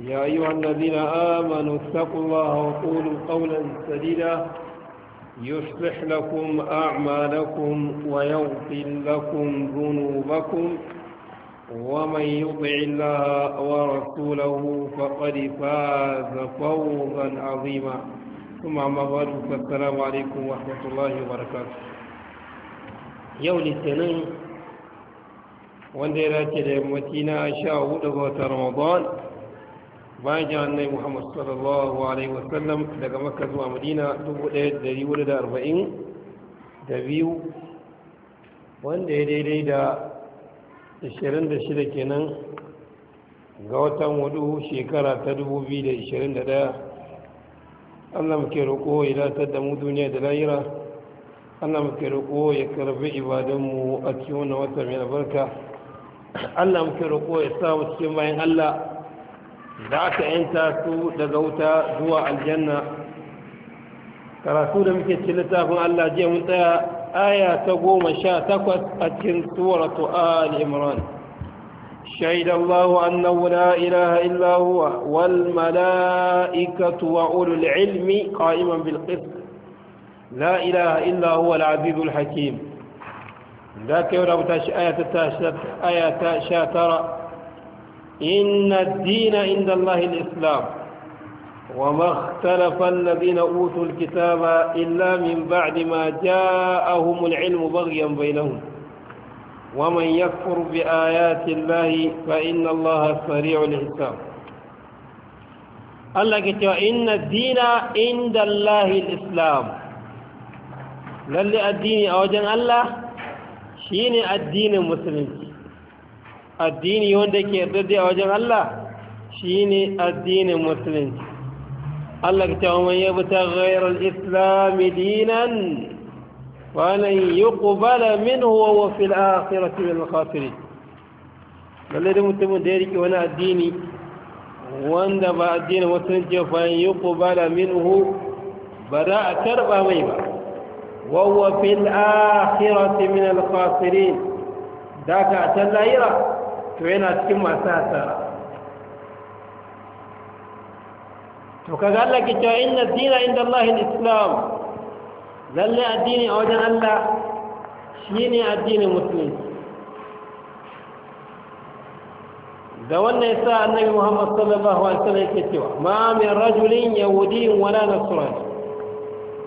يا أيها الذين آمنوا اتقوا الله وقولوا قولا سديدا يصلح لكم أعمالكم ويغفر لكم ذنوبكم ومن يطع الله ورسوله فقد فاز فوزا عظيما ثم أما بعد فالسلام عليكم ورحمة الله وبركاته يوم الاثنين وندرات المتينة شاء رمضان bayan jihar annabi muhammad sallallahu alaihi wasallam daga makka zuwa madina 1440 da biyu wanda ya daidai da 26 kenan ga watan hudu shekara ta 2021 allah muke roƙo ya datar da mu duniya da layira allah muke roƙo ya karbi ibadanmu a cikin wannan watan mai albarka allah muke roƙo ya sa mu cikin bayan allah da aka yanta su daga wuta zuwa aljanna karatu da muke ci littafin Allah jiya mun tsaya aya ta goma sha takwas a cikin suratu al imran shaida Allah annahu la ilaha illa huwa wal mala'ikatu wa ulul ilmi qa'iman bil la ilaha illa huwa al azizul hakim ذاك يورا بتاش آية تاش آية تاش إن الدين عند الله الإسلام وما اختلف الذين أوتوا الكتاب إلا من بعد ما جاءهم العلم بغيا بينهم ومن يكفر بآيات الله فإن الله سريع الحساب الله كتب إن الدين عند الله الإسلام للي الدين أوجن الله شين الدين المسلمين addini wanda ke yarda a wajen Allah shine addinin musulunci Allah ta man yabta ghayra al-islam dinan wa lan min minhu wa fil akhirati min al-khasirin lalle da mutumin da ya rike wani addini wanda ba addinin musulunci ba min hu ba za a karba mai ba wa fil akhirati min al-khasirin da ka ta lahira to yana cikin masu hasara to kaga Allah ke cewa inna dina inda Allah islam lalle addini a wajen Allah shine addinin musulunci da wannan yasa annabi Muhammad sallallahu alaihi wasallam yake cewa ma min rajulin yahudiyyin wala nasrani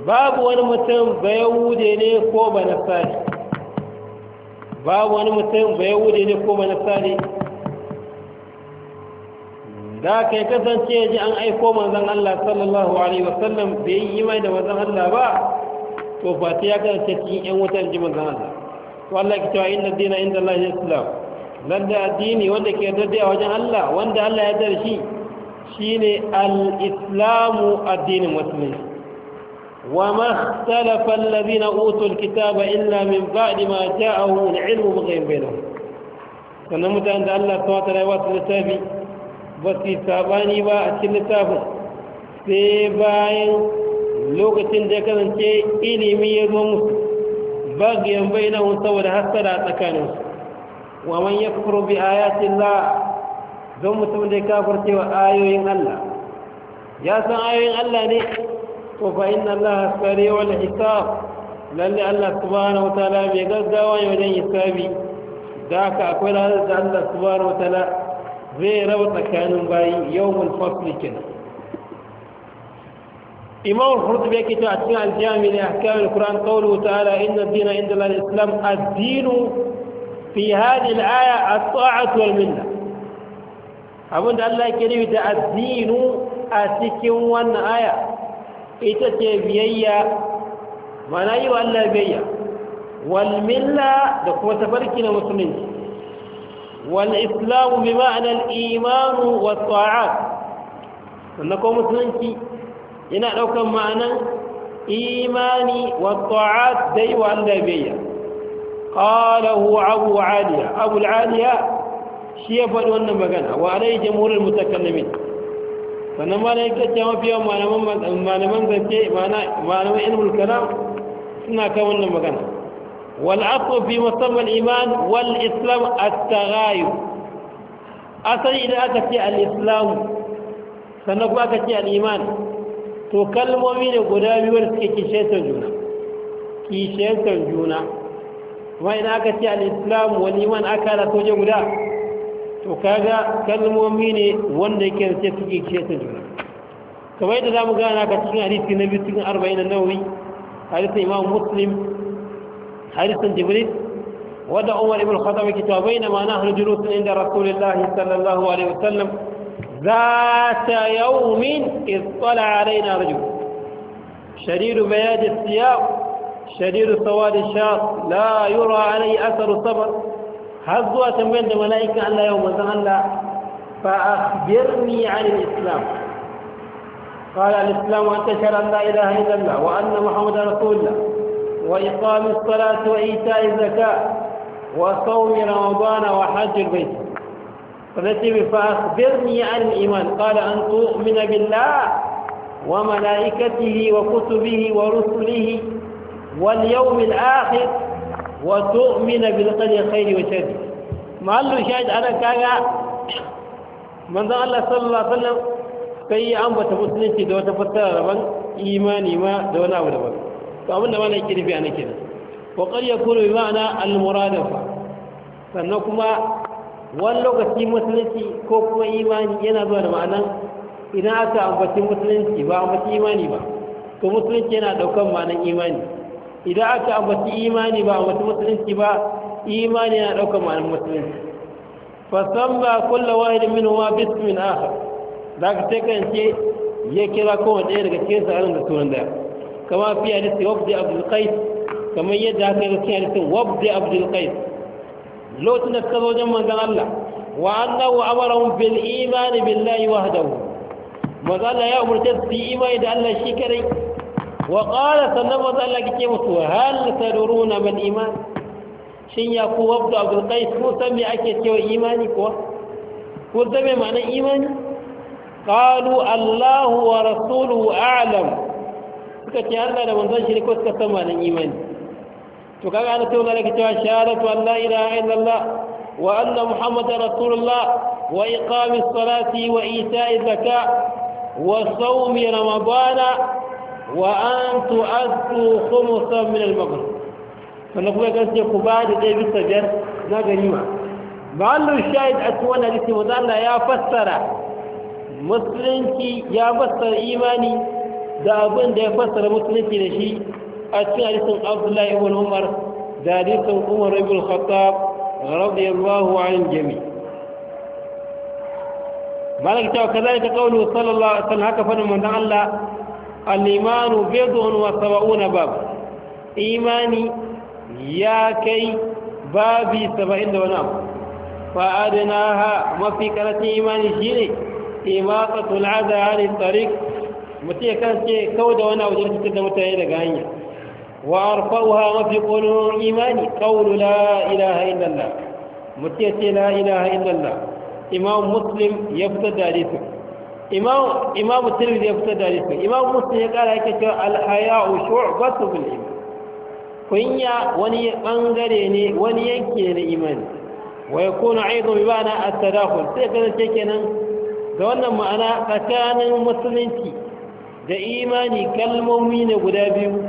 babu wani mutum ba yahude ne ko ba nasari babu wani mutum ba yahudi ne ko ba ne. da ka yi kasance ya ji an aiko manzan Allah sallallahu alaihi wasallam bai yi mai da manzan Allah ba to ba ta ya kasance cikin yan wutar ji manzan Allah to Allah ki cewa inda dina inda Allah ya islam nan da addini wanda ke yarda a wajen Allah wanda Allah ya yarda shi shine al-islamu addinin musulunci وما اختلف الذين أوتوا الكتاب إلا من بعد ما جاءهم العلم بغير بينهم sannan mutanen da Allah ta wata rayuwa su littafi ba su sabani ba a cikin littafin sai bayan lokacin da ya kasance ilimi ya zo musu bagiyan bainahun saboda hassada a tsakaninsu wa man ya kufuru don da ya ayoyin Allah ya san ayoyin Allah ne وفإن الله سريع الحساب لأن الله سبحانه وتعالى بيقضى ويوجد حسابي ذاك أقول هذا الله سبحانه وتعالى زي ربط كان باي يوم الفصل كنا إمام الخرط بيكتو أتنع الجامع لأحكام القرآن قوله تعالى إن الدين عند الله الإسلام الدين في هذه الآية الطاعة والمنة أبو الله كريم الدين أتكي وان آية ita ce biyayya mana yi wa Allah biyayya Walmilla da kuma tafarki na musulunci wal islamu bi ma'anar imanu wa tsa'ad sannan kuma musulunci yana ɗaukar ma'anar imani wa tsa'ad da yi wa Allah biyayya qalahu abu aliya abu aliya shi ya faɗi wannan magana wa alai jamhurin mutakallimin sannan mana yake cewa mafi yawan malaman zance malaman ilmul kalam suna kan wannan magana wal afu fi musamman iman wal islam at-taghayu asali idan aka ce al-islam sannan kuma aka ce al-iman to kalmomi ne guda biyu da suke kishiyantar juna kishiyantar juna kuma idan aka ce al-islam wal iman aka da guda to kaga kalmomi ne wanda yake da suke ta juna kamar yadda za mu gana ka cikin hadisi na biyu cikin arba'in da nawawi hadisin imam muslim hadisin jibril wadda umar ibn khattab yake cewa bai na ma na hannu julusun inda rasulullahi sallallahu alaihi wasallam ذات يوم إذ طلع علينا رجل شرير بياض الثياب شرير سواد الشاط لا يرى عليه أثر الصبر har zuwa tambayar أن mala'ikan Allah yau manzon Allah fa قال الإسلام أن تشهد أن لا إله إلا الله وأن محمدا رسول الله وإقام الصلاة وإيتاء الزكاة وصوم رمضان وحج البيت فأخبرني عن الإيمان قال أن تؤمن بالله وملائكته وكتبه ورسله واليوم الآخر wa tu'mina bil qadari khairi wa sharri mallu shahid ana kaga manzon Allah sallallahu alaihi wasallam sai ya ambata musulunci da wata fassara daban imani ma da wani abu daban to abinda mana yake nufi ana kenan wa qad yakunu bi ma'ana al muradafa sannan kuma wani lokaci musulunci ko kuma imani yana zuwa da ma'anan idan aka ambaci musulunci ba ambaci imani ba to musulunci yana daukan ma'anan imani idan aka ambaci imani ba a mutu musulunci ba imani yana ɗaukar ma'anar musulunci fasan ba kulla wahidin min wa bismin aha za ka sai kan ce ya kira kowane ɗaya daga cikin sa'arin da sunan daya kama fi hadisi wabdi abdul qais kamar yadda aka yi cikin hadisin wabdi abdul qais lokacin da suka zo wajen manzon Allah wa annahu amarahum bil imani billahi wahdahu maza Allah ya umurta su yi imani da Allah shi kadai wa qala sannan manzo Allah yake musu hal tadruna man iman shin ya ku wabdu abdul qais ko san me ake cewa imani kuwa ko san ma'anar imani qalu Allahu wa rasuluhu a'lam suka ce Allah da manzon shi ko suka san ma'anar imani to kaga ana cewa zalika cewa shahadatu Allah la ilaha illallah wa anna muhammadar rasulullah wa iqamis salati wa ita'iz zakah wa sawmi ramadana wa an tu'addu khumsan min al-maghrib sannan kuma kan ce ku ba da dai bisa biyar na gani ganima ma'allu shahid a cikin wannan hadisi manzo Allah ya fassara musulunci ya fassara imani da abin da ya fassara musulunci da shi a cikin hadisin Abdullahi ibn Umar da hadisin Umar ibn Khattab radiyallahu anhu jami'a مالك تعالى كذلك قوله صلى الله عليه وسلم هكذا فنمنا Allah. al'imanu bezon wasa ba'una bab imani ya kai babi saba'in da wani abu fa'adina ha mafi karatun imani shi ne imatsatul azari tsarik mutum ya kasance kawo da wani abu da rikitar da mutane daga hanya wa arfa'uha mafi ƙolin imani ƙaunu la ilaha illallah mutum ya ce la inda Allah. imam muslim ya fitar da hadisin Imamu tirmidhi ya fitar da hadisi imam muslim ya kara yake cewa al shu'batu bil iman kunya wani bangare ne wani yanki ne imani wa yakunu aidan bi ma'ana at tadakhul sai kana ce kenan da wannan ma'ana tsakanin musulunci da imani kalmomi ne guda biyu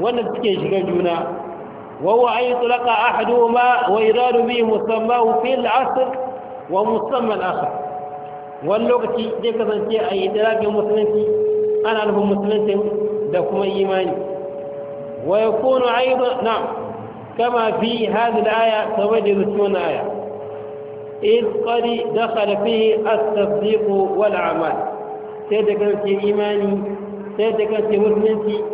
wanda suke shiga juna وهو أن يطلق أحدهما ويراد به مسماه wa العصر ومسمى الآخر wani lokaci zai kasance a yi ɗiragen musulunci ana nufin musulunci da kuma imani wa ya kone a na kama fi hazi da aya saboda da zuci wani aya iskari da ƙarfi a tasdiku wani amal sai da kanci imani sai da kanci musulunci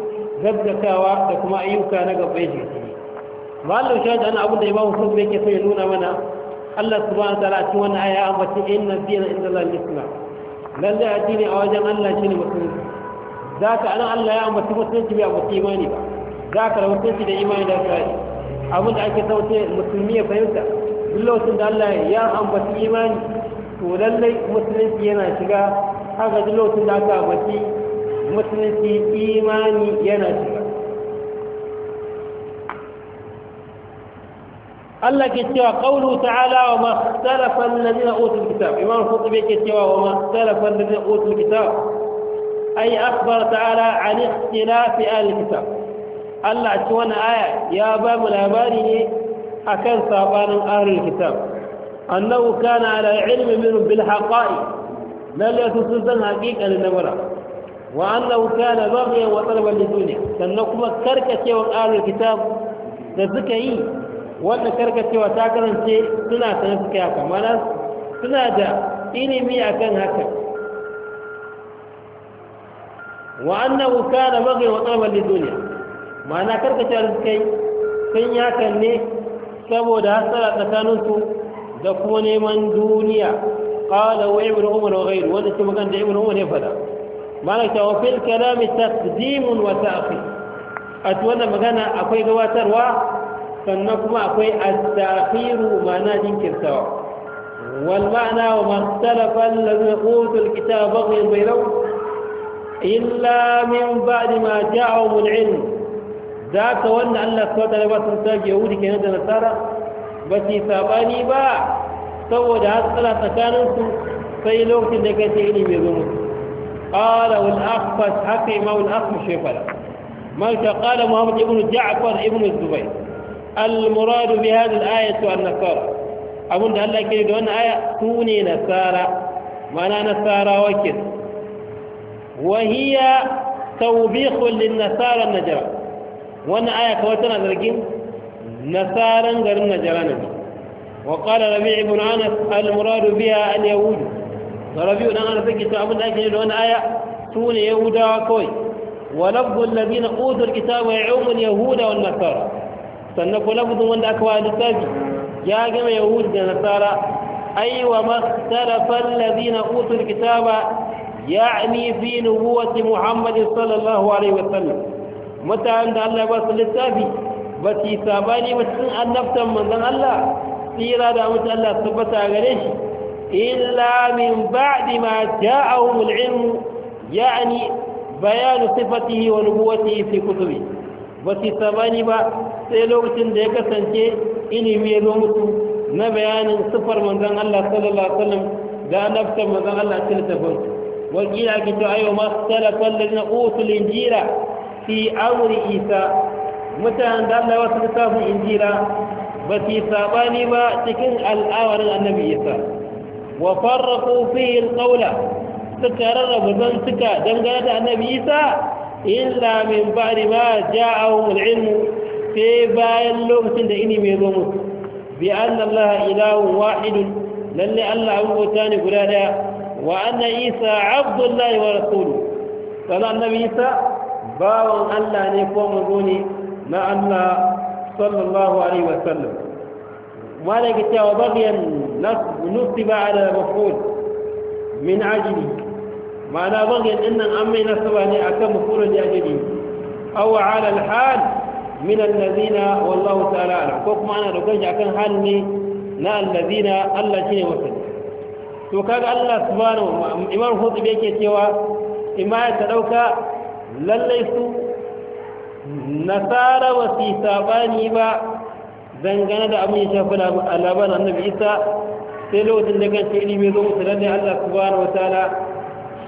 gaggatawa da kuma ayyuka na gabbai jiki ma'allar shaɗa na abin da ya ba hukumar da yake sai ya nuna mana Allah subhanahu wa ta'ala cikin wannan aya an bace inna dina inda Allah al-islam lalle addini a wajen Allah shine musulunci zaka anan Allah ya ambaci musulunci bai ambaci imani ba zaka da musulunci da imani da kai abin da ake sauce musulmi ya fahimta duk lokacin da Allah ya ambaci imani to lalle musulunci yana shiga haka duk lokacin da aka ambaci musulunci imani yana shiga Allah ke cewa qawlu ta'ala wa ma ikhtalafa alladhina utul kitab imam qutbi ke cewa wa ma ikhtalafa alladhina utul kitab ay akhbara ta'ala an ikhtilafi ahli kitab Allah ci wannan aya ya ba mu labari ne akan sabanin ahli kitab annahu kana ala ilmi minhum bil haqa'i lalle su sun san haƙiƙanin lamura wa annahu kana baghiyan wa talaban liduniya sannan kuma karkacewar ahlul kitab da suka yi wanda karkacewa ta karance suna sanar suka yi haka mana suna da ilimi a kan haka wa wuka da maghi wa talaban duniya. ma'ana karkacewa da suka yi sun yi hakan ne saboda hasara tsakaninsu da kuma neman duniya qala wa ibn umar wa gairu wanda ke magana da ibnu umar ya fada ta wa fil kalami taqdimun wa ta'khir a wannan magana akwai gabatarwa sannan kuma akwai at-ta'khiru ma'ana jinkirtawa wal ma'ana wa man talafa alladhi utul kitaba baghyan bainahum illa min ba'di ma ja'ahum al-'ilm zaka wanda Allah subhanahu wa ta'ala ba ta yahudi kenan da nasara ba ci sabani ba saboda hatsala tsakaninsu sai lokacin da kace ilimi zo musu قال والأخفش حقي ما والأخفش شفلا ما قال محمد ابن جعفر ابن الزبير المراد بهذه الآية النصارى أبن الله كده أن آية كوني نصارى معنى نصارى وكذا وهي توبيخ للنصارى النجرة وأن آية كوتنا ذلكين نصارى غير النجرة وقال ربيع بن أنس المراد بها اليهود ربيع بن أنس كتاب أبن الله آية كوني يهودا وكوي ولفظ الذين أوتوا الكتاب يعوم اليهود والنصارى sannan ko lafazin wanda aka wa littafi ya gama yahudu da nasara aiwa wa maktarafan lazina utul kitaba ya'ni fi nubuwati muhammadin sallallahu alaihi wasallam mutanen da Allah ba su littafi ba su yi sabani ba cikin annabtan manzon Allah tsira da mutu Allah tabbata gare shi illa min ba'di ma ja'ahum al-ilm ya'ni bayanu sifatihi wa nubuwatihi fi kutubi ba su yi sabani ba sai lokacin da ya kasance ilimi ya zo mutu na bayanin sifar manzon Allah sallallahu alaihi wasallam da annabtan manzon Allah cikin tafin wakila ki to ayo ma salafa alladina utul injila fi amri isa mutanen da Allah wasu littafin injila ba su sabani ba cikin al'awarin annabi isa wa farraqu fihi alqawla suka rarraba zan suka dangane da annabi isa illa min ba'di ma ja'ahum al-ilmu sai bayan lokacin da ini mai zo musu bi anna Allah ilahun wahidun lalle Allah abin bauta ne guda daya wa anna Isa abdullahi wa rasulu sannan annabi Isa bawan Allah ne ko manzo ne na Allah sallallahu alaihi wa sallam مالك تاو بغيا نصب على مفعول من عجله معنى an mai امي ne akan اكم مفعول لاجله او على الحال minan lazina wallahu ta'ala alam ko kuma ana dogon shi akan hal ne na allazina Allah shine masani to kaga Allah subhanahu imam hutubi yake cewa imaya ta dauka lalle su nasara ba su sabani ba dangane da abin ya shafi labarin annabi isa sai lokacin da kan shi mai zo su lallai Allah subhanahu wataala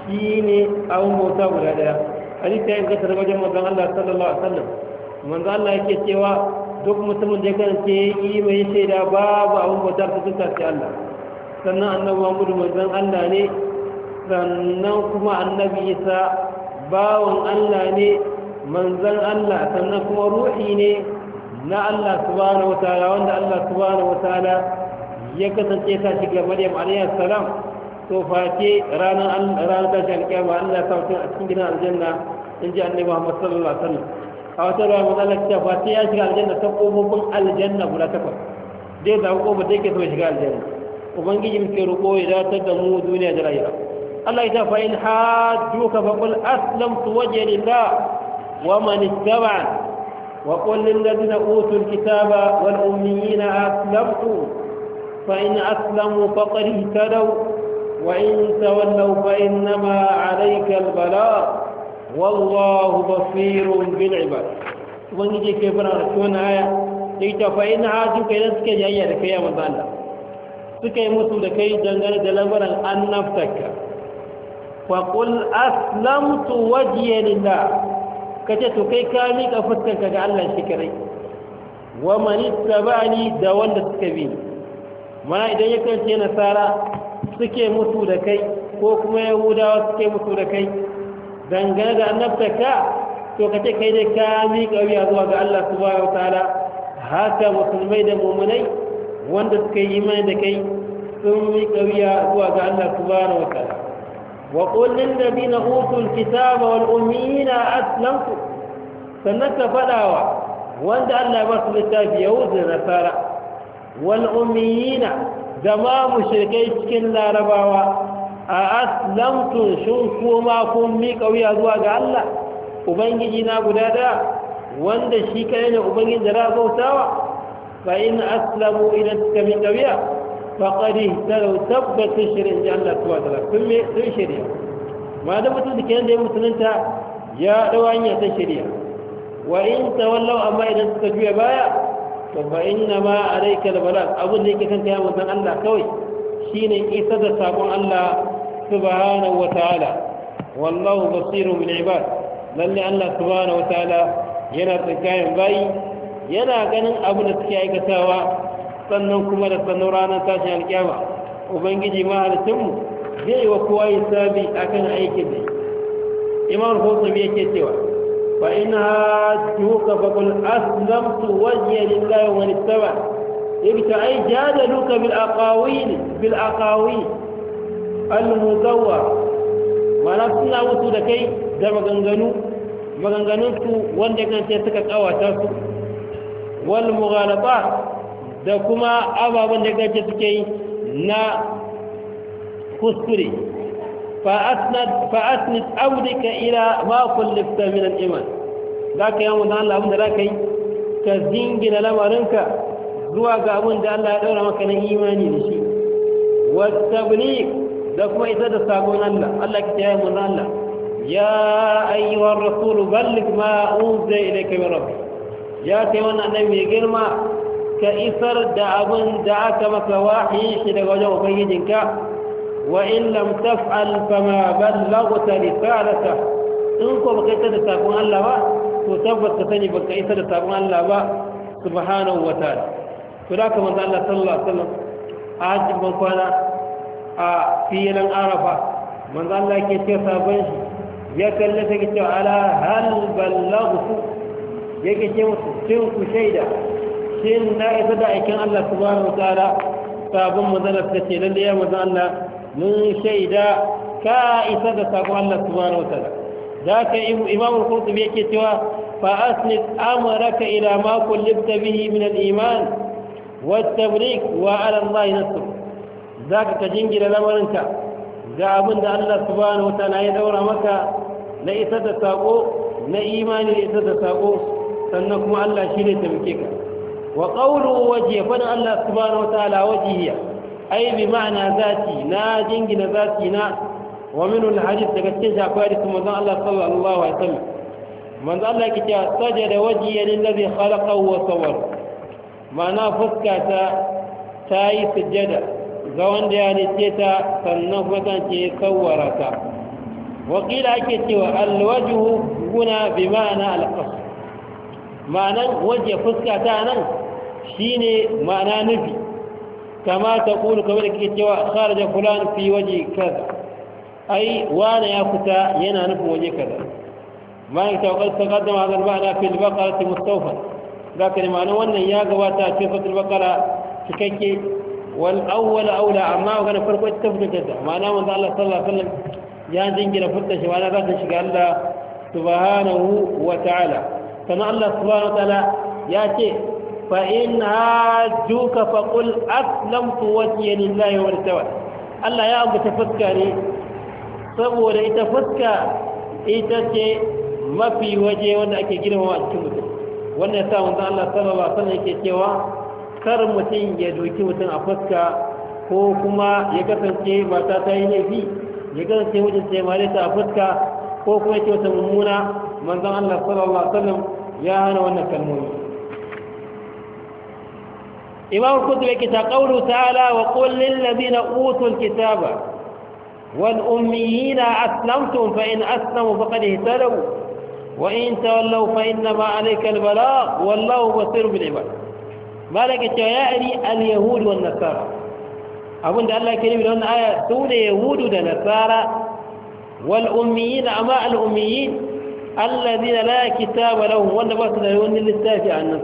shine abin bauta guda daya hadisi ya inganta da wajen manzon Allah sallallahu alaihi wasallam manzo Allah yake cewa duk mutumin da ya karance yi mai shaida babu abin bautar ta duka sai Allah sannan annabi Muhammadu manzon Allah ne sannan kuma annabi Isa bawan Allah ne manzon Allah sannan kuma ruhi ne na Allah subhanahu wataala wanda Allah subhanahu wataala ya kasance ta shiga Maryam alayhi salam to face ranar ranar tashin alƙiyama Allah ya sa mutum a cikin gidan aljanna in ji annabi Muhammad sallallahu alaihi wasallam a wata ruwa mun Allah ta ba sai ya shiga aljanna ta kofofin aljanna guda takwas zai zaɓi kofar da yake so ya shiga aljanna ubangiji muke roƙo ya datar da mu duniya da lahira Allah ya ta fa in hajjuka fa qul aslamtu wajhi lillah wa mani ittaba'an wa qul lil ladina utul kitaba wal ummiyina aslamtu fa in aslamu ta dau wa in tawallaw fa nama alayka al balagh wallahu basirun bil ibad je kai fara da tona aya dai ta fa in ji kai da suke jayya da kai ya Allah musu da kai dangane da lamarin annabtaka fa qul aslamtu wajhiya lillah kace to kai ka mika fuskarka ga Allah shi kare wa man ittabani da wanda suka bi mana idan ya kace nasara suke musu da kai ko kuma yahudawa suke musu da kai dangane da annabtaka to kace kai dai ka miƙa wuya zuwa ga Allah subhanahu wataala haka musulmai da mumunai wanda suka yi imani da kai sun miƙa wuya zuwa ga Allah subhanahu wataala wa qul lil ladina utul kitaba wal ummiyina aslamtu sannan ka fadawa wanda Allah ya ba su littafi yahudi da nasara wal ummiyina da ma mushrikai cikin larabawa a aslamtun shin kuma kun miƙa wuya zuwa ga Allah ubangiji na guda daya wanda shi kai ne ubangiji da za bautawa fa in aslamu idan suka miƙa wuya faqad ihtalu tabbata shirin ji Allah tuwa da sun me sun shirya ma da mutum da kenan da ya musulunta ya dawo hanya ta shirya wa in tawallaw amma idan suka juya baya to fa inna ma alayka albalag abun da yake kanka ya mutan Allah kawai shine isa da sabon Allah سبحانه وتعالى والله بصير بالعباد للي الله سبحانه وتعالى yana tsakayen bayi yana ganin abu da suke aikatawa sannan kuma da sannan ranar tashin alƙiyama. ubangiji mahalicinmu zai yi wa kowa yi sabi a kan aikin ne imam hosomi yake cewa ba ina tuka bakul aslamtu wajiya lillahi wani saba ibta ai jadaluka bil aqawi bil aqawi al-muzawwa mana suna mutu da kai da maganganu maganganunsu wanda kan ce suka kawata su wal mughalata da kuma ababen da kan ce suke yi na kuskure fa asnid abdika ila ma kullifta min al-iman zaka yi mun Allah abin da zaka yi ka zingina lamarinka zuwa ga abin da Allah ya daura maka na imani da shi wa tabligh da kuma isa da sabon Allah Allah ki tayar mun Allah ya ayyuhar rasul balligh ma unzila ilayka min rabbik ya kai wannan annabi mai girma ka isar da abin da aka maka wahayi shi daga wajen ubangijinka wa in lam taf'al fama ballaghta risalata in ko baka isa da sabon Allah ba to ka sani baka isa da sabon Allah ba subhanahu wa ta'ala to da ka manzo Allah sallallahu alaihi wasallam a hajjin ban kwana a filin arafa manzo Allah ke ce sabon shi ya kalli ta ke cewa ala hal ballaghtu yake ce musu shin ku shaida shin na isa da aikin Allah su subhanahu wataala sabon manzo ta ce lalle ya manzo Allah mun shaida ka isa da sabon Allah subhanahu wataala da ka imamul qurtubi yake cewa فأسند أمرك إلى ما كلبت به من الإيمان والتبريك وعلى الله nasu. za ka ka jingina lamarinka ga abin da Allah subhanahu wa ta'ala ya daura maka na isar da saƙo na imani da isar da saƙo sannan kuma Allah shi ne taimake ka wa qawlu waje faɗin da Allah subhanahu wa ta'ala wajhiya ai bi ma'ana zati na jingina zati na wa min al hadith daga cikin shafari kuma zan Allah sallallahu alaihi wasallam manzon Allah yake cewa sajada wajhiya lillazi khalaqahu wa sawwara ma'ana fuskata ta yi sujjada ga wanda ya nice ta sannan kwatance ya tsawara ta wakila ake cewa alwajuhu guna bi ma'ana alƙasu ma'anan waje fuska ta nan shi ne ma'ana nufi kama ta ƙulu kamar da ke cewa kharaja fulan fi waje kaza ai wane ya fita yana nufin waje kaza bayan ta wakar ta kaddama hazar ma'ana fi bakara ta mustafa za ka ne ma'ana wannan ya gabata a cikin fatul bakara cikakke wal awwal aula amma magana farko ita tafi da ma'ana manzo Allah sallallahu alaihi wasallam ya jingina furta shi ma'ana za ta shiga Allah subhanahu wa ta'ala kana Allah subhanahu wa ta'ala ya ce fa in hajjuka fa qul aslamtu wajhiya lillahi wa tawalla Allah ya ambata fuska ne saboda ita fuska ita ce mafi waje wanda ake girmama a cikin mutum wannan ya sa manzo Allah sallallahu alaihi wasallam yake cewa kar mutum ya doki mutum a fuska ko kuma ya kasance mata ta yi laifi ya kasance wajen sai mare ta a fuska ko kuma ce wata mummuna manzon Allah sallallahu alaihi wasallam ya hana wannan kalmomi imam kutubi ke ta qawlu ta'ala wa qul lil ladina utul kitaba aslamu والأميين أسلمتم فإن أسلموا فقد اهتدوا وإن تولوا فإنما عليك البلاغ والله بصير بالعباد malaka cewa ya ari al-yahud wa nasara abinda Allah ke nufi da wannan aya su ne yahudu da nasara wal ummiyina amma al ummiyin alladhina la kitaba lahum wanda ba su da wani littafi a nan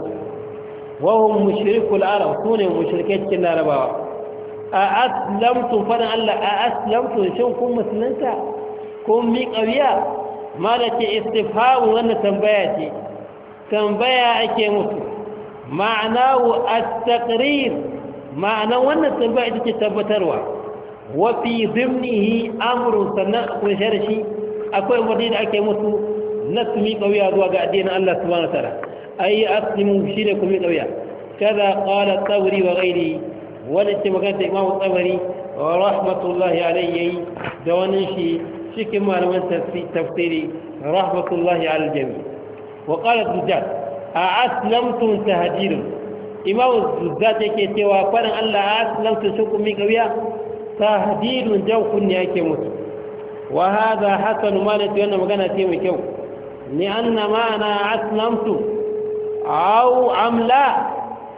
wa hum mushrikul arab su ne mushrikai cikin larabawa a aslamtu fadan Allah a aslamtu shin kun musulunta kun mi ƙawiya malaka istifhamu wannan tambaya ce tambaya ake musu ma'anahu ma'ana wannan tambaya ita ce tabbatarwa wa fi dhimnihi sannan akwai sharshi akwai da ake musu na su zuwa ga addinin Allah subhanahu wa ta'ala ai aslimu shine ku miƙa wuya kaza qala tsawri wa ce magana da imamu tsawri wa rahmatullahi alayhi da wani shi cikin tafsiri rahmatullahi wa a ta tahdirun imamu zuzza ke cewa farin Allah a aslamtum shi kuma Ta tahdirun jan kunni ake mutu wa hadha hasan ma da wannan magana ce mai kyau ni anna ma'ana aslamtu Au amla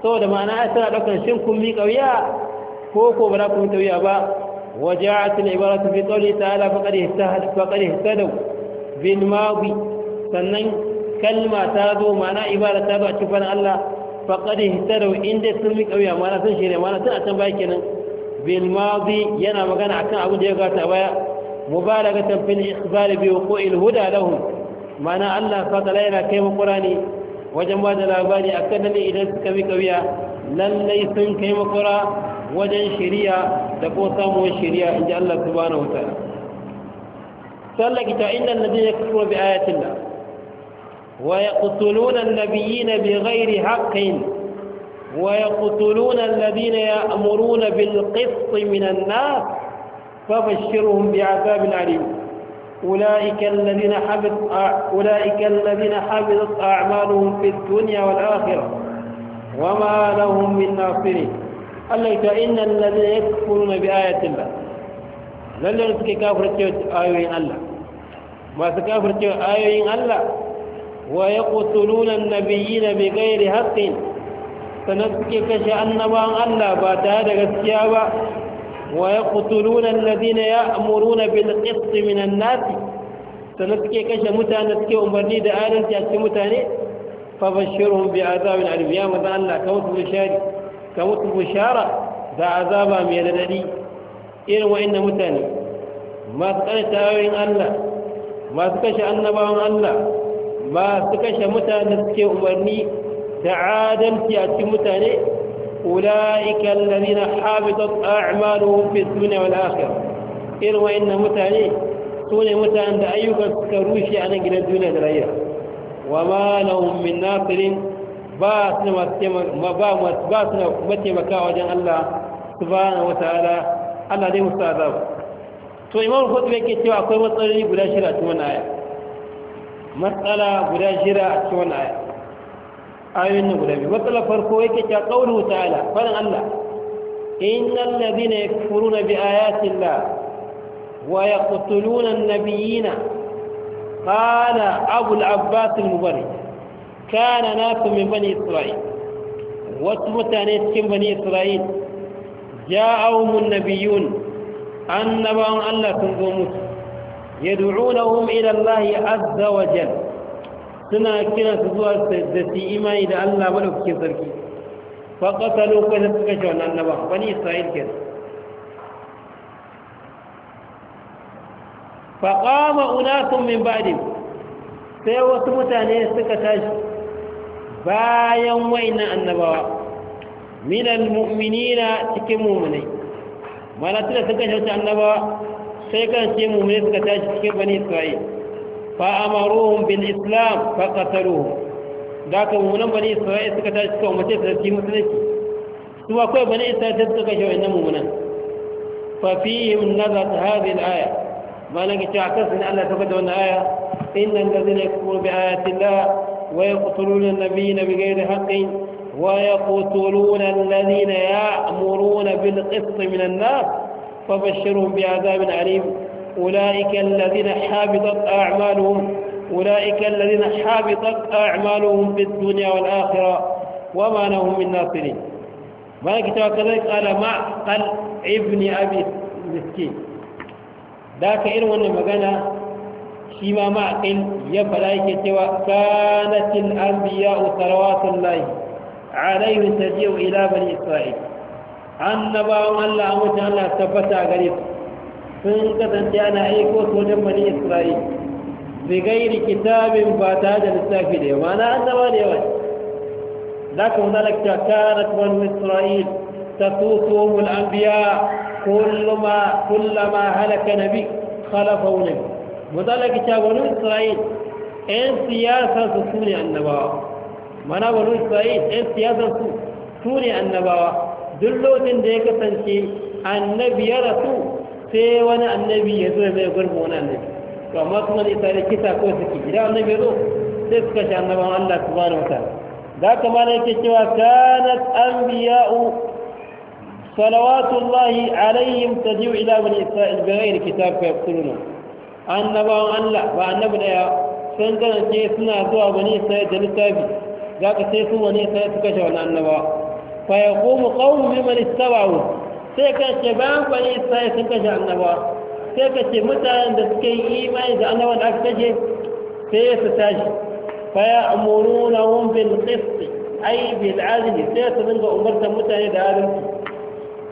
saboda ma'ana tana ɗaukar shin kun mi kawiya ko ko ba za ku tawiya ba وجاءت العبارة في قوله تعالى فقد اهتدوا بالماضي سنن kalma ta zo mana ibada ta zo a cikin Allah faqad ihtadaw inda sun mi kauya mana sun shirya mana tun a can baya kenan bil madi yana magana akan abin da ya gata baya Mu ba mubalagatan fil ikhbar bi wuqu'il huda lahum mana Allah fa ta'ala yana kai mu Qur'ani wajen ba da labari A akan nan idan suka mi kauya lallai sun kai mu wajen shiriya da ko samuwar shiriya ji Allah subhanahu wa ta'ala sallaki ta inda annabi ya kafura bi ayatin Allah ويقتلون النبيين بغير حق ويقتلون الذين يأمرون بالقسط من الناس فبشرهم بعذاب عليم أولئك الذين حبط أولئك الذين حبطت أعمالهم في الدنيا والآخرة وما لهم من ناصرين الله إن الذين يكفرون بآية الله لن ينسك كافر آيوين الله ما سكافر آيوين الله ويقتلون النبيين بغير حق فنسكي كش أنبان الله باتهاد غسيابا ويقتلون الذين يأمرون بالقسط من الناس فنسكي كش متى نسكي أمرني دعالة جاتي متاني فبشرهم بعذاب العلم يا مدى الله كموت بشاري كموت بشارة ذا عذابا من الذي إن وإن متاني ما تقلت آوين الله ما تقلت أنبان الله ما سكش متان سكي أمرني تعادل في متان أولئك الذين حابطت أعمالهم في الدنيا والآخرة إن وإن متان سوني متان دعيك سكروشي عن إلى الدنيا دلائرة وما لهم من ناصر باسنا متمكا وجن الله سبحانه وتعالى الله دي مستعذاب تو إمام الخطبة كتوا أقوى مطلرين بلا شرعة من آيات matsala guda jira a cikin wannan ayoyin nan guda biyu matsala farko yake ta kaulu ala, farin Allah na ya furu na bi ayati Allah wa yaqtuluna an-nabiyina Kana abu al-abbas al-mubarak kana nasu min bani isra'il wasu mutane cikin bani isra'il ja'awumun nabiyun annabawan Allah sun zo musu yad'unahum ila Allah azza wa jal suna kira su zuwa da su imani da Allah ba da kuke sarki fa faƙasa lokacin suka ce wannan annaba bani isra'il ke fa qama unasun min ba'di sai wasu mutane suka tashi bayan wainan annabawa minal mu'minina cikin mu'minai mana da suka shauci annabawa sai kan ce mummune suka tashi cikin bani isra'il fa amaruhum bil islam fa qataluhum da ka mummunan bani isra'il suka tashi suka umarce su ci musulunci su akwai bani isra'il suka kashe wannan mummunan fa fihim nazat hadhihi al aya malan ke cewa kasin Allah ta bada wannan aya innal ladhina yakfuruna bi ayati Allah wa yaqtuluna an-nabiyina bighayri haqqin ويقتلون الذين يأمرون بالقسط من الناس فبشرهم بعذاب عليم أولئك الذين حابطت أعمالهم أولئك الذين حابطت أعمالهم في الدنيا والآخرة وما لهم من ناصرين مالك كذلك قال معقل ابن أبي مسكين ذاك وانا أن شيما مع قل يفلايك سوى كانت الأنبياء صلوات الله عليه تجيء إلى بني إسرائيل annabawan Allah amince Allah tabbata gare su sun kasance ana aiko su wajen bani Isra'il bi gairi kitabin ba ta da lissafi da yawa na annaba da yawa da kuma zalaka kanat bani Isra'il تسوسهم الأنبياء كلما كلما هلك نبي خلفه نبي وذلك بنو إسرائيل إن سياسة سوني النبوة منا بنو إسرائيل إن سياسة سوني النبوة duk lokacin da ya kasance annabi ya rasu sai wani annabi ya zo mai gurbin wani annabi to amma kuma da isa da kisa ko suke gida annabi ya zo sai suka shi annaban Allah ba da wuta. za ka ma da yake cewa kanat u? salawatullahi ji wa ila bani isra'il bi ghairi kitab fa yaqtuluna annabawan Allah ba annabi daya sun ce suna zuwa wani isra'il da littafi za ka sai sun wani sai suka shi wani annabawa fa ya komu ƙaunin mimman istabawu sai ka ce bayan kwanye isra'i sun kashe annaba sai ka ce mutanen da suke yi imani da annabawa da aka kashe sai su tashi fa ya amuru na wumbin ai bil adili sai su dinga umartar mutane da adalci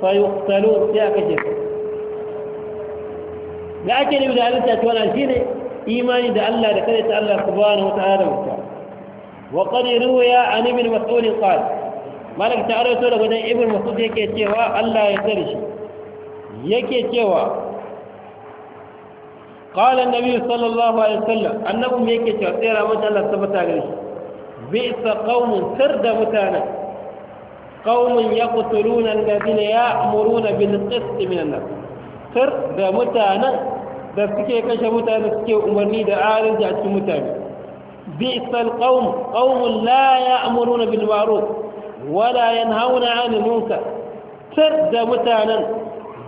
fa yi sai aka kashe su da ake nufi da halitta ta wani shi ne imani da Allah da kare ta Allah subhanahu wa ta'ala wa qad ruwiya an ibn mas'ud qala malik ta arato da wajen ibn masud yake cewa Allah ya tsare shi yake cewa qala an-nabi sallallahu alaihi wasallam annabi yake cewa tsira mata Allah tabbata gare shi sa qaumun tarda mutana qaumun yaqtuluna alladhina ya'muruna bil qist min an-nas tarda mutana da suke kashe mutane suke umarni da adalci a cikin mutane bi sa qaum qaumun la ya'muruna bil ma'ruf wala yanhauna 'anil munkar tar da mutanen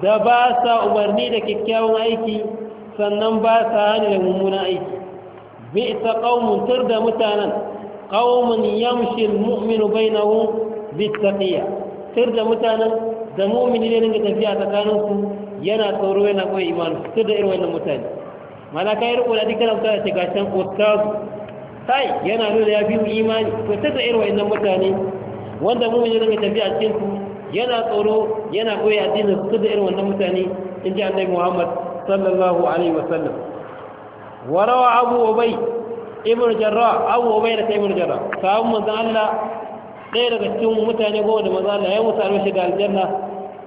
da ba sa umarni da kyakkyawan aiki sannan ba sa hannu da mummunan aiki bi'sa qaumun tar da mutanen yamshin yamshi bai muminu bainahum bi taqiya tar da mutanen da mu'mini ne dinga tafiya tsakaninsu yana tsoro yana koyi imani tar da irin wannan mutane malaka ya rubuta dukkan mutane ta gashin ustaz sai yana nuna ya fi imani to tar da irin wannan mutane wanda mu ne daga a cikin su yana tsoro yana koyi addinin su da irin wannan mutane in ji annabi Muhammad sallallahu alaihi wasallam wa rawa Abu Ubay ibn Jarrah Abu Ubay da ibn Jarrah sahabban manzon Allah ɗaya daga cikin mutane goma da manzon Allah ya mutu a rushe da aljanna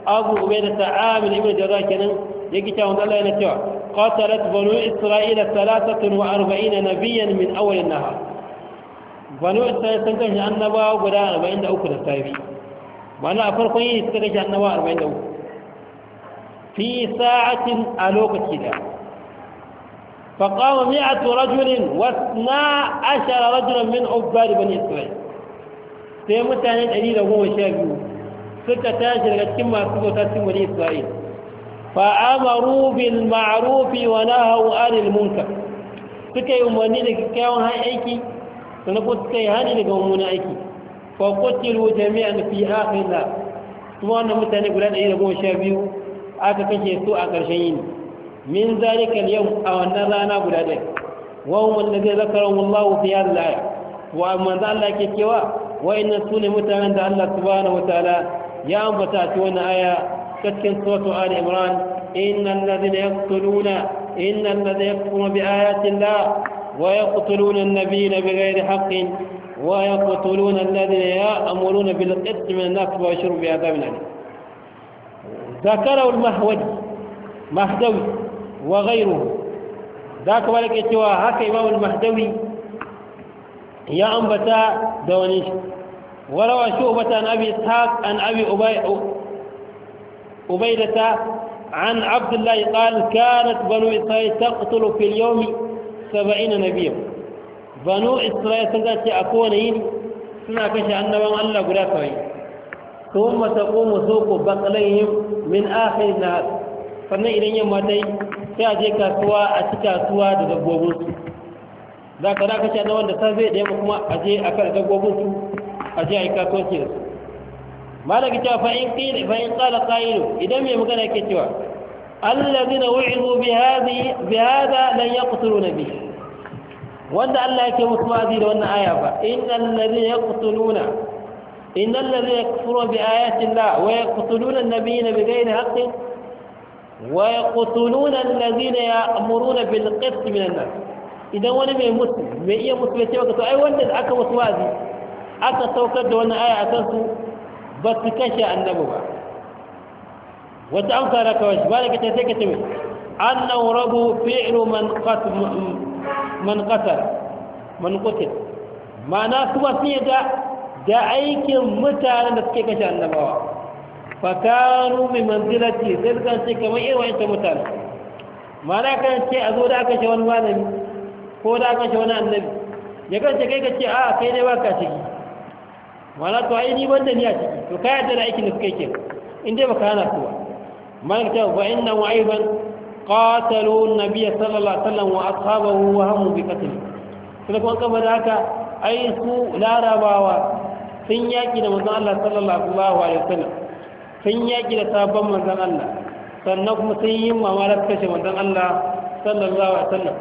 Abu Ubay da Amir ibn Jarrah kenan yake cewa manzon Allah yana cewa qatalat banu Isra'ila 43 nabiyan min awwal an-nahar banu isra'il sun kashe annaba guda 43 da safi bana a farkon yini suka kashe annabawa 43 fi sa'atin a lokaci da فقام مئة رجل واثنا عشر رجلا من عباد بني إسرائيل sai mutane ɗari da goma sha biyu suka tashi daga cikin masu bauta cikin wani isra'il fa'amaru bil ma'rufi wa nahawu anil munkar suka yi umarni da kyakkyawan aiki sannan ko suka yi hali daga mummuna aiki fa qutilu jami'an fi akhirah kuma wannan mutane guda ɗaya da goma sha biyu aka kashe su a ƙarshen yini min zalika al-yawm a wannan rana guda ɗaya wa hum allazi zakarahu Allahu fi hadhihi al Wa wa za Allah ke cewa wa inna sunne mutanen da Allah subhanahu wa ta'ala ya ambata ta wani aya cikin suratul ali imran innal ladina yaqtuluna innal ladina yakfuruna bi ayati Allah ويقتلون النبيين بغير حق ويقتلون الذين يأمرون بالقسط من الناس ويشرب بأذاب العليم ذكره المهود مهدوي وغيره ذاك ولك اتوا هكا إمام المهدوي يا أنبتا دونيش وروى شعبة عن أبي إسحاق عن أبي أبيدة عن عبد الله قال كانت بنو إسرائيل تقتل في اليوم na biyan. banu isra'il sun zace a kowane yini suna kashe annaban Allah guda kawai sun mataƙo musu ku bakalayin min akhir na sannan idan yamma ta sai a je kasuwa a ci kasuwa da dabbobinsu za ka raka ci annaban da safe zai yamma kuma a je a kan dabbobinsu a je a yi kasuwanci da su malaka cewa fa'in ƙila fa'in ƙala ƙa'ilu idan mai magana ke cewa الذين وعظوا بهذه بهذا لن يقتلون به وان الله يكي متواضي لو ان آية إن الذين يقتلون إن الذين يكفرون بآيات الله ويقتلون النبيين بغير حق ويقتلون الذين يأمرون بالقسط من الناس idan wani mai musulmi mai iya musulmi ce maka to ai wanda da aka wasu wazi aka saukar da wani aya a kansu ba su kashe annabi ba wata amsa da kawai shi ba da kace sai kace mai An rabu fi'lu man qatal man qatal man qutil ma'ana kuma sun yadda da aikin mutanen da suke kashe annabawa fakaru mai manzilati sai kan ce kamar irin wa'ita mutane ma'ana kan ce a zo da aka shi wani malami ko da aka shi wani annabi ya kan ce kai ka ce a kai ne baka ciki ma'ana to ai ni wanda ni a ciki to kai da aikin da suka yi ke in dai baka hana kuwa. ما يكتب فإنه أيضا قاتلوا النبي صلى الله عليه وسلم وأصحابه وهموا بقتله فلكم أنكم ذاك أي لا رباوة sun yaƙi da manzan Allah sallallahu alaihi wasallam sun yaƙi da sabon manzan Allah sannan kuma sun yi mamalar kashe manzan Allah sallallahu alaihi wasallam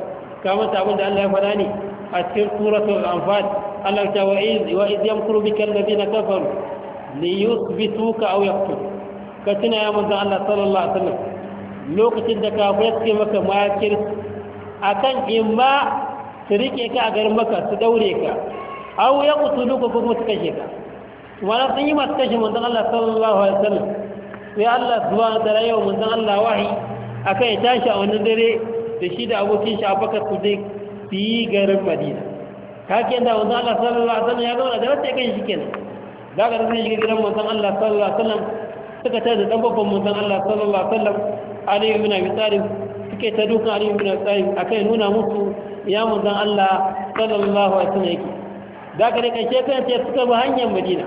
kamar ta abinda Allah ya faɗa ni a cikin suratul anfal Allah ta wa iz ka tuna ya manzan Allah sallallahu alaihi wasallam lokacin da kafirai suke maka makir akan imma su rike ka a garin maka su daure ka au ya qutulu ko kuma su kashe ka wannan sun yi masu kashe manzan Allah sallallahu alaihi wasallam sai Allah zuwa na ta'ala yau manzan Allah wahi akan ya tashi a wannan dare da shi da abokin shi a baka su yi garin Madina kake da manzan Allah sallallahu alaihi wasallam ya zama da wata kai shi kenan ka da shi ga gidan manzan Allah sallallahu alaihi wasallam suka tare da ɗan babban manzon Allah sallallahu alaihi wasallam Ali ibn Abi Talib suke ta dukan Ali ibn Abi Talib akai nuna musu ya manzon Allah sallallahu alaihi wasallam yake da ka rika ce kan ce suka ba hanyar Madina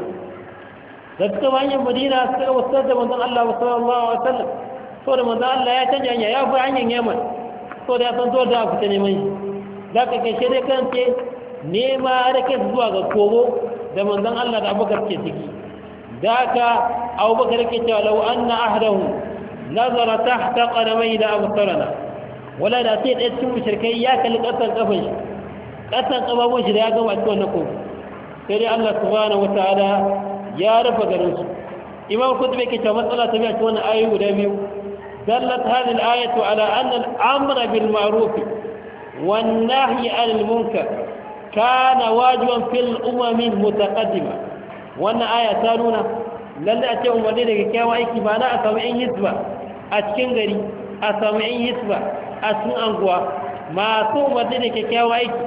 da suka ba hanyar Madina suka wasar da manzon Allah sallallahu alaihi wasallam so da manzon Allah ya canja hanya ya fi hanyar Yaman so da ya san zuwa da aka ta neman shi da ka kai dai kan ce nema da ke zuwa ga kogo da manzon Allah da abokar ke ciki da ka أو بكر كتا لو أن أهله نظر تحت قدمينا أبصرنا ولا نأتيت أتسو شركي ياك اللي قتل قفش قتل قبابوش لا يقوم أتكون نقوم الله سبحانه وتعالى يا رب قرنسو إمام كتبه كتا مسألة تبعت آي آية دلت هذه الآية على أن الأمر بالمعروف والنهي عن المنكر كان واجبا في الأمم المتقدمة وأن آية ثانونة lalle a ce umarni daga kyawun aiki ba na a samu yan hisba a cikin gari a samu yan hisba a cikin anguwa masu umarni da kyakkyawan aiki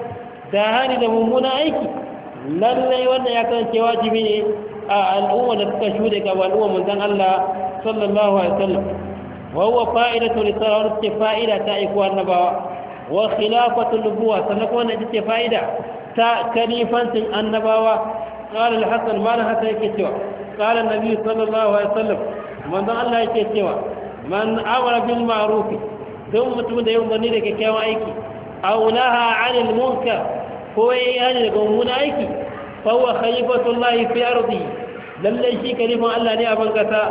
da hari da mummuna aiki lallai wannan ya kasance wajibi ne a al'umma da suka shuɗe ga al'umma manzon Allah sallallahu alaihi wasallam wa huwa fa'idatu li sarar ce fa'ida ta aiko annabawa wa khilafatu nubuwa sannan kuma wannan ce fa'ida ta kalifantin annabawa qala al-hasan ma la hasan yake cewa قال النبي صلى الله عليه cewa من الله يكي سوى من أمر بالمعروف دون متمد da بني لك aiki أيكي أو نهى عن المنكر هو يعني قومون أيكي فهو خليفة الله في أرضه lallai shi kalifin Allah ne a bankasa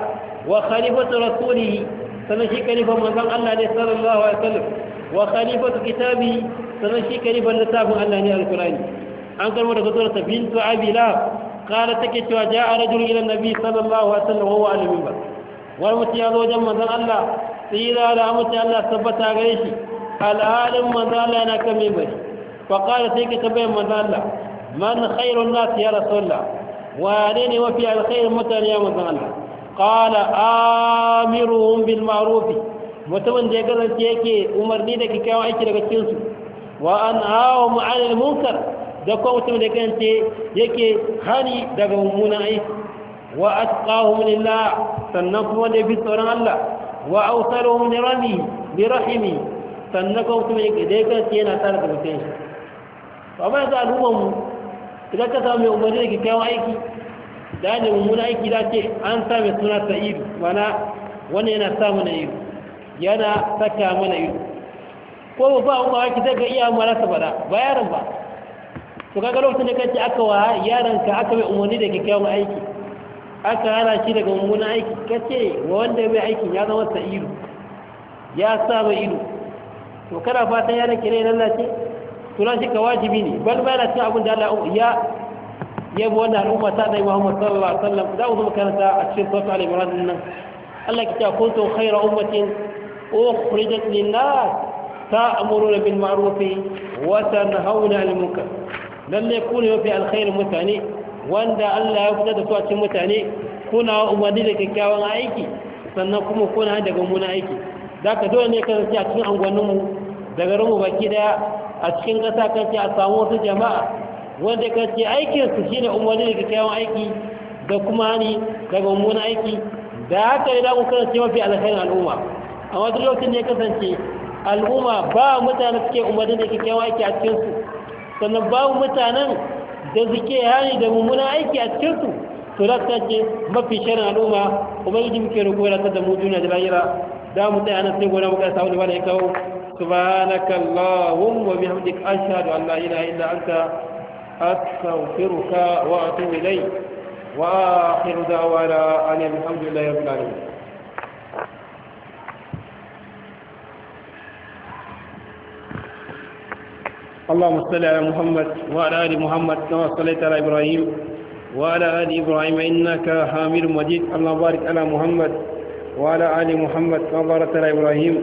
wa khalifatu rasulihi sanan shi kalifin manzon Allah ne sallallahu alaihi wasallam wa khalifatu kitabi sanan shi kalifin littafin Allah ne alqur'ani an karbo daga sura bintu abila kala take cewa ja a rajul ilan nabi sallallahu alaihi wasallam wa alihi ba wani mutum ya zo wajen manzon Allah tsira da mutum Allah tabbata gare shi alhalin manzon Allah yana kan mimbari fa kala sai ka tabbayar manzon Allah man khairun nas ya rasulullah wa ne mafi alkhairin mutane ya manzon Allah qala amiruhum bil ma'ruf mutumin da ya kasance yake umarni da kikkiawan aiki daga cikin su wa an hawa mu'alil munkar da kuma mutum da kanta yake hani daga mummunan aiki wa atqahum lillah sannan kuma da bi tsoron Allah wa awsalu min rami bi rahimi sannan kuma mutum yake da kanta yana tsara da mutum shi to amma yanzu al'ummar mu idan ka samu mai umarni da kyakkyawan aiki da ne mummunan aiki da ce an sa mai suna sa'id mana wannan yana sa mana ido yana saka mana yi ko ba ba ki daga iya marasa sabara bayaran ba to kaga lokacin da kace aka wa yaranka aka mai umarni da kyakkyawan aiki aka hana shi daga mummunan aiki kace wa wanda mai aiki ya zama ido, ya saba ido to kana fatan yaran Allah ce to na shi ka wajibi ne bal ba na cin abin da Allah ya yabi wannan al'umma ta dai Muhammad sallallahu alaihi wasallam da uzu makaranta a cikin sura al-Imran nan Allah ya ce kuntum khayra ummatin ukhrijat lin-nas ta'muruna bil ma'ruf wa tanhauna 'anil munkar lalle ku ne mafi alkhairin mutane wanda Allah ya fitar da su a cikin mutane kuna umarni da kyakkyawan aiki sannan kuma kuna daga muna aiki za ka dole ne ka zance a cikin angwanninmu da garinmu baki daya a cikin ƙasa kan ce a samu wasu jama'a wanda kan ce aikinsu shi ne umarni da kyakkyawan aiki da kuma hani daga muna aiki da haka ne za mu kasance mafi alkhairin al'umma amma duk lokacin ne ya kasance al'umma ba mutane suke umarni da kyakkyawan aiki a cikinsu sannan babu mutanen da suke hani da mummuna aiki a cikinsu to za ta ce mafi shirin al'umma kuma yi muke roƙo da da mu duniya da lahira za mu tsaya nan sai gona muka da samu da ya kawo subhanaka allahum wa bihamdik ashhadu an la ilaha illa anta astaghfiruka wa atubu ilayk wa akhiru da'wana alhamdulillahi rabbil alamin اللهم صل على محمد وعلى آل محمد كما صليت على إبراهيم وعلى آل إبراهيم إنك حميد مجيد اللهم بارك على محمد وعلى آل محمد كما باركت على إبراهيم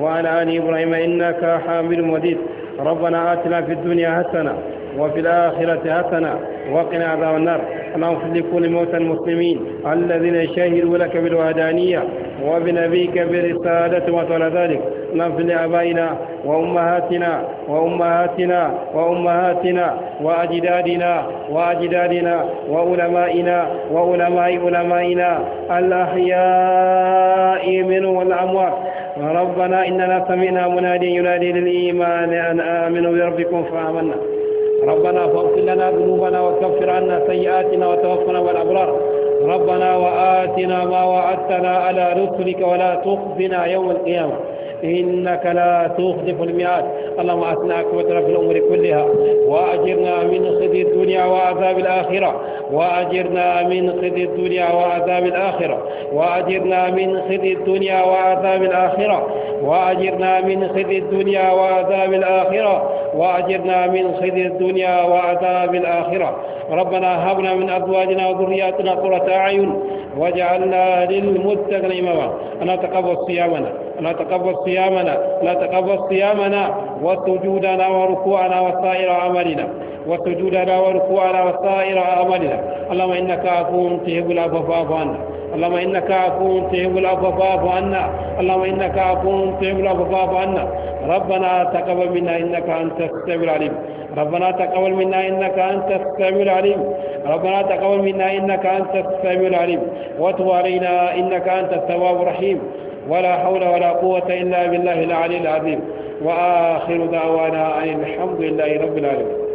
وعلى آل إبراهيم إنك حميد مجيد ربنا آتنا في الدنيا حسنة وفي الآخرة حسنة وقنا عذاب النار اللهم صل كل موتى المسلمين الذين شهدوا لك بالوهدانية وبنبيك برسالة وطول ذلك اللهم صل لآبائنا وأمهاتنا وأمهاتنا وأمهاتنا وأجدادنا وأجدادنا وعلمائنا وعلماء علمائنا الأحياء منه والأموات ربنا إننا سمعنا مناديا ينادي للإيمان أن آمنوا بربكم فآمنا ربنا فاغفر لنا ذنوبنا وكفر عنا سيئاتنا وتوفنا والأبرار ربنا وآتنا ما وعدتنا على رسلك ولا تخزنا يوم القيامة إنك لا تخلف الميعاد اللهم أثنى قوتنا في الأمور كلها وأجرنا من خزي الدنيا وعذاب الآخرة وأجرنا من خزي الدنيا وعذاب الآخرة وأجرنا من خزي الدنيا وعذاب الآخرة وأجرنا من خزي الدنيا وعذاب الآخرة وأجرنا من خزي الدنيا وعذاب الآخرة ربنا هبنا من أزواجنا وذرياتنا قرة أعين واجعلنا للمتقين إماما أنا تقبل صيامنا لا تقبل صيامنا لا تقبل صيامنا وسجودنا وركوعنا وسائر عملنا وسجودنا وركوعنا وسائر عملنا اللهم إنك عفو تهب العفو عنا اللهم إنك عفو تهب العفو عنا اللهم إنك عفو تهب العفو عنا ربنا تقبل منا إنك أنت السميع العليم ربنا تقبل منا إنك أنت السميع العليم ربنا تقبل منا إنك أنت السميع العليم وتب علينا إنك أنت التواب الرحيم ولا حول ولا قوة إلا بالله العلي العظيم وآخر دعوانا أن الحمد لله رب العالمين